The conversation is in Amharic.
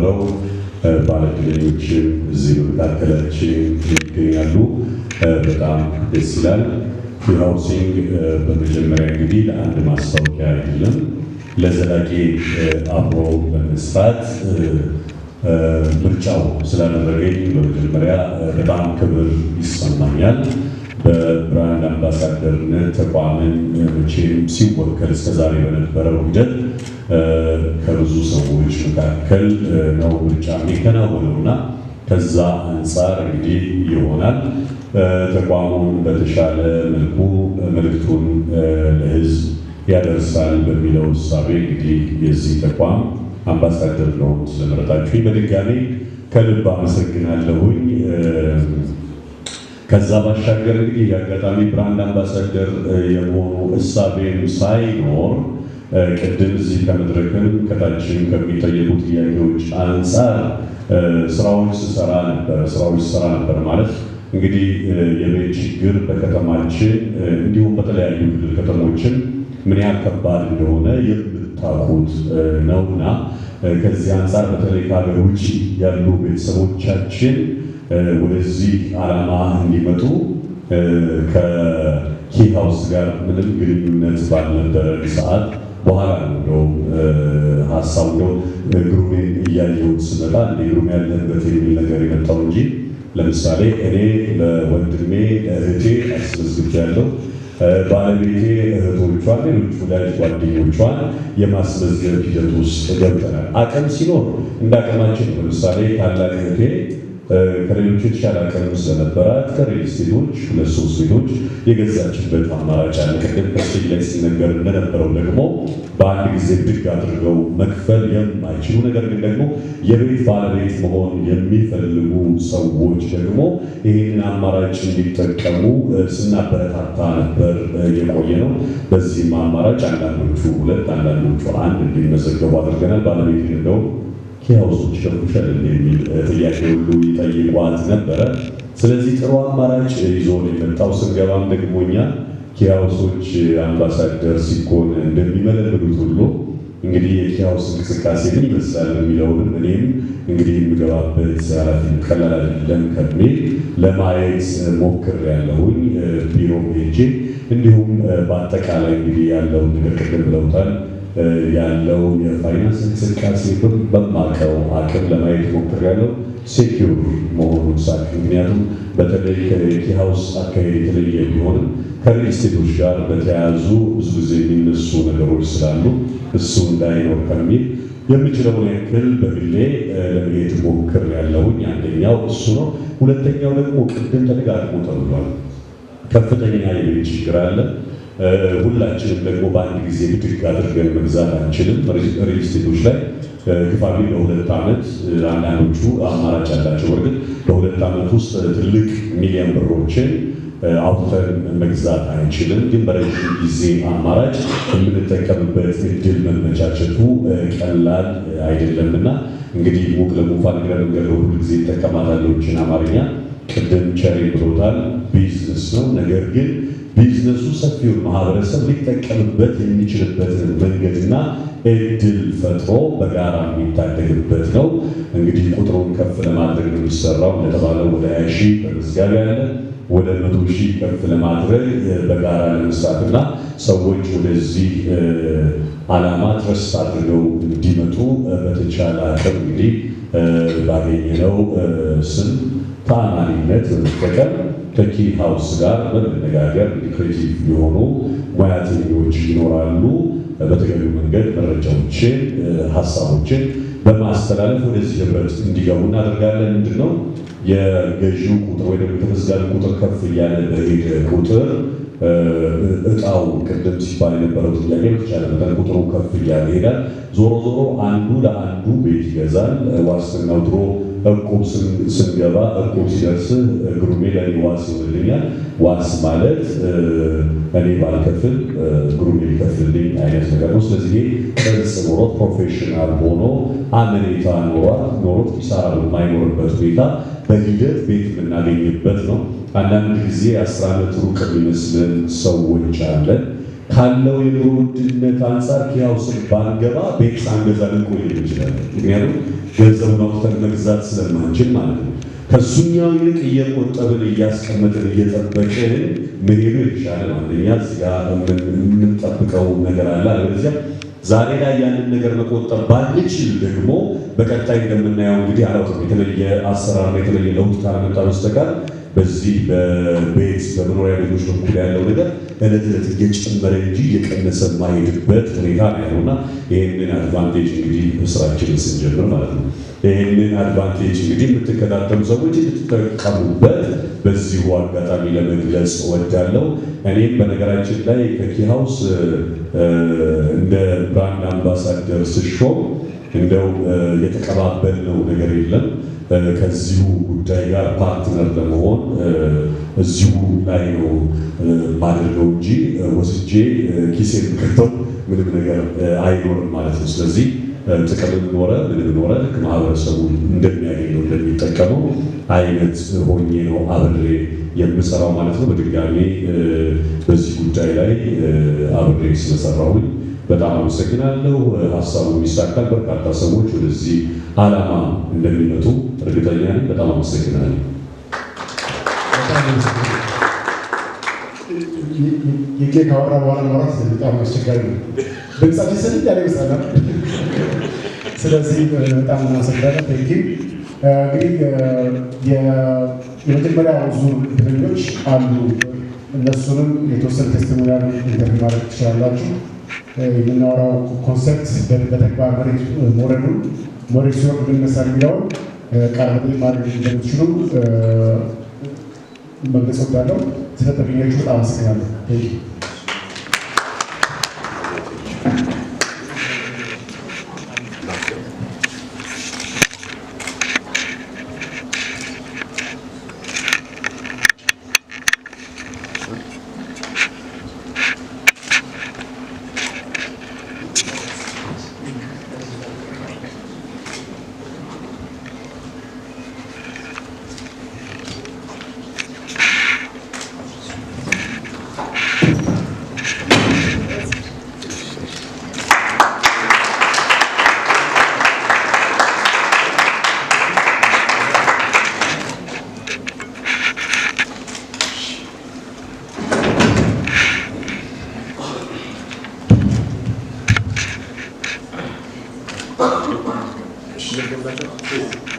ብለው ባለዕድለኞች እዚህ በመካከላችን ይገኛሉ። በጣም ደስ ይላል። ሃውሲንግ በመጀመሪያ እንግዲህ ለአንድ ማስታወቂያ አይደለም፣ ለዘላቂ አብሮ በመስራት ምርጫው ስላደረገኝ በመጀመሪያ በጣም ክብር ይሰማኛል። በብርሃን አምባሳደርነት ተቋምን መቼም ሲወከል እስከዛሬ በነበረው ሂደት ከብዙ ሰዎች መካከል ነው ምርጫ የሚከናወነው እና ከዛ አንጻር እንግዲህ ይሆናል ተቋሙን በተሻለ መልኩ መልክቱን ለህዝብ ያደርሳል በሚለው እሳቤ እንግዲህ የዚህ ተቋም አምባሳደር ነው ስለመረጣችሁኝ በድጋሜ ከልብ አመሰግናለሁኝ። ከዛ ባሻገር እንግዲህ የአጋጣሚ ብራንድ አምባሳደር የመሆኑ እሳቤም ሳይኖር ቅድም እዚህ ከመድረክም ከታችም ከሚጠየቁ ጥያቄዎች አንጻር ስራዎች ስሰራ ነበር ስራዎች ስሰራ ነበር ማለት እንግዲህ የቤት ችግር በከተማችን እንዲሁም በተለያዩ ክልል ከተሞችን ምን ያህል ከባድ እንደሆነ የምታውቁት ነውና ከዚህ አንጻር በተለይ ከሀገር ውጭ ያሉ ቤተሰቦቻችን ወደዚህ ዓላማ እንዲመጡ ከኪ ሃውስ ጋር ምንም ግንኙነት ባልነበረን ሰዓት በኋላ ነው ሀሳብ ነው ግሩሜ እያየሁት ስመጣ እንደ ግሩሜ ያለበት የሚል ነገር የመጣው እንጂ ለምሳሌ እኔ ለወንድሜ እህቴ አስመዝግብ ያለው ባለቤቴ እህቶቿን፣ ሌሎች ወዳጅ ጓደኞቿን የማስመዝገብ ሂደት ውስጥ ገብተናል። አቅም ሲኖር እንደ አቅማችን ለምሳሌ ታላቅ እህቴ ከሌሎች የተሻለ አቅም ስለነበራት ከሪል ስቴቶች ሁለት ሶስት ቤቶች የገዛችበት አማራጭ አለ። ቅድም ከስቴጅ ላይ ሲነገር እንደነበረው ደግሞ በአንድ ጊዜ ብድግ አድርገው መክፈል የማይችሉ ነገር ግን ደግሞ የቤት ባለቤት መሆን የሚፈልጉ ሰዎች ደግሞ ይህንን አማራጭ እንዲጠቀሙ ስናበረታታ ነበር የቆየ ነው። በዚህም አማራጭ አንዳንዶቹ ሁለት አንዳንዶቹ አንድ እንዲመዘገቡ አድርገናል። ባለቤት እንደውም ኪያውስ ትሸምሻል የሚል ጥያቄ ሁሉ ይጠይቋት ነበረ። ስለዚህ ጥሩ አማራጭ ይዞ ነው የመጣው። ስንገባም ደግሞ እኛ ኪያውሶች አምባሳደር ሲኮን እንደሚመለምሉት ሁሉ እንግዲህ የኪያውስ እንቅስቃሴ ምን ይመስላል የሚለውን እኔም እንግዲህ የምገባበት ኃላፊነት ቀላል አይደለም ከሚል ለማየት ሞክሬያለሁኝ። ቢሮ ሄጄ እንዲሁም በአጠቃላይ እንግዲህ ያለውን ነገር ቅድም ብለውታል ያለው የፋይናንስ እንቅስቃሴ በማቀው አቅም ለማየት ያለው ሴኪር መሆኑን ሳ ምክንያቱም በተለይ ከቲ ሀውስ አካሄድ የተለየ ቢሆንም ከሪስቴቶች ጋር በተያያዙ ብዙ ጊዜ የሚነሱ ነገሮች ስላሉ እሱ እንዳይኖር ከሚል የምችለውን ያክል በግሌ ለመሄድ ያለውኝ አንደኛው እሱ ነው። ሁለተኛው ደግሞ ቅድም ተደጋግሞ ተብሏል፣ ከፍተኛ የቤት ችግር አለ። ሁላችንም ደግሞ በአንድ ጊዜ ብድግ አድርገን መግዛት አንችልም። ሪል ላይ ግፋቢ በሁለት ዓመት አንዳንዶቹ አማራጭ ያላቸው ወርግን በሁለት ዓመት ውስጥ ትልቅ ሚሊዮን ብሮችን አውጥተን መግዛት አንችልም። ግን በረዥም ጊዜ አማራጭ የምንጠቀምበት እድል መመቻቸቱ ቀላል አይደለም አይደለምና እንግዲህ ሙቅ ለሙፋ ንግረ መንገድ ሁሉ ጊዜ ይጠቀማታለችን አማርኛ ቅድም ቸሪ ብሎታል። ቢዝነስ ነው ነገር ግን ቢዝነሱ ሰፊውን ማህበረሰብ ሊጠቀምበት የሚችልበትን መንገድና እድል ፈጥሮ በጋራ የሚታደግበት ነው። እንግዲህ ቁጥሩን ከፍ ለማድረግ ነው የሚሰራው። እንደተባለው ወደ ሀያ ሺህ በመዝጋቢ ያለ ወደ መቶ ሺህ ከፍ ለማድረግ በጋራ ለመስራትና ሰዎች ወደዚህ አላማ ትረስ አድርገው እንዲመጡ በተቻለ አቅም እንግዲህ ባገኘነው ስም ታማኒነት በመጠቀም ተኪ ሀውስ ጋር በመነጋገር ክሬቲቭ የሆኑ ሙያተኞች ይኖራሉ። በተገቢ መንገድ መረጃዎችን፣ ሀሳቦችን በማስተላለፍ ወደዚህ ህብረት እንዲገቡ እናደርጋለን። ምንድን ነው የገዢው ቁጥር ወይ ደግሞ የተመዝጋቢ ቁጥር ከፍ እያለ በሄደ ቁጥር እጣው ቅድም ሲባል የነበረው ጥያቄ በተቻለ መጠን ቁጥሩ ከፍ እያለ ይሄዳል። ዞሮ ዞሮ አንዱ ለአንዱ ቤት ይገዛል። ዋስትናው ድሮ እቁብ ስንገባ እቁብ ሲደርስ ግሩሜ ለእኔ ዋስ ይሆንልኛል። ዋስ ማለት እኔ ባልከፍል ግሩሜ ሊከፍልልኝ አይነት ነገር ነው። ስለዚህ ቅርጽ ኖሮት ፕሮፌሽናል ሆኖ አመኔታ ኖሯት ኖሮት ኪሳራ በማይኖርበት ሁኔታ በሂደት ቤት የምናገኝበት ነው። አንዳንድ ጊዜ አስር ዓመት ሩቅ የሚመስልን ሰዎች አለን ካለው የኑሮ ውድነት አንጻር ኪራይ ውስጥ ባንገባ ቤት ሳንገዛ ልንቆይ እንችላለን። ምክንያቱም ገንዘብ አውጥተን መግዛት ስለማንችል ማለት ነው። ከሱኛው ይልቅ እየቆጠብን እያስቀመጥን እየጠበቅን መሄዱ የተሻለ አንደኛ እዚጋ የምንጠብቀው ነገር አለ። አለበለዚያ ዛሬ ላይ ያንን ነገር መቆጠብ ባንችል ደግሞ በቀጣይ እንደምናየው እንግዲህ አላውቅም የተለየ አሰራር የተለየ ለውጥ ካለመጣ በስተቀር በዚህ በቤት በመኖሪያ ቤቶች በኩል ያለው ነገር እለት እለት እየጨመረ እንጂ እየቀነሰ ማሄድበት ሁኔታ ነው ያለውና ይህንን አድቫንቴጅ እንግዲህ በስራችን ስንጀምር ማለት ነው ይህንን አድቫንቴጅ እንግዲህ የምትከታተሉ ሰዎች እንድትጠቀሙበት በዚሁ አጋጣሚ ለመግለጽ እወዳለሁ። እኔም በነገራችን ላይ ከኪ ሃውስ እንደ ብራንድ አምባሳደር ስሾም እንደው የተቀባበልነው ነገር የለም። ከዚሁ ጉዳይ ጋር ፓርትነር ለመሆን እዚሁ ላይ ነው ማደርገው እንጂ ወስጄ ኪሴ የምከተው ምንም ነገር አይኖርም ማለት ነው። ስለዚህ ጥቅም ኖረ ምንም ኖረ ማህበረሰቡ እንደሚያገኘው እንደሚጠቀመው አይነት ሆኜ ነው አብሬ የምሰራው ማለት ነው። በድጋሚ በዚህ ጉዳይ ላይ አብሬ ስለሰራሁኝ በጣም አመሰግናለሁ። ሀሳቡ የሚሳካል በርካታ ሰዎች ወደዚህ አላማ እንደሚመጡ እርግጠኛ ነኝ። በጣም አመሰግናለሁ። ይቄ ካወራ በኋላ ማውራት በጣም አስቸጋሪ ነው። ድምጻችን ስንት ያለ ይመስላል። ስለዚህ በጣም እናመሰግናለን። ቴንኪ እንግዲህ የመጀመሪያ ዙር ድረኞች አሉ። እነሱንም የተወሰነ ቴስቲሞኒያል ኢንተርቪው ማድረግ ትችላላችሁ። የምናወራው ኮንሰፕት በተግባር መሬት መውረዱን መሬት ሲወርድ ልነሳል የሚለውን ቃል ማድረግ እንደምትችሉ መግለጽ ወዳለው ስለተገኛችሁ በጣም አመሰግናለሁ። Merci.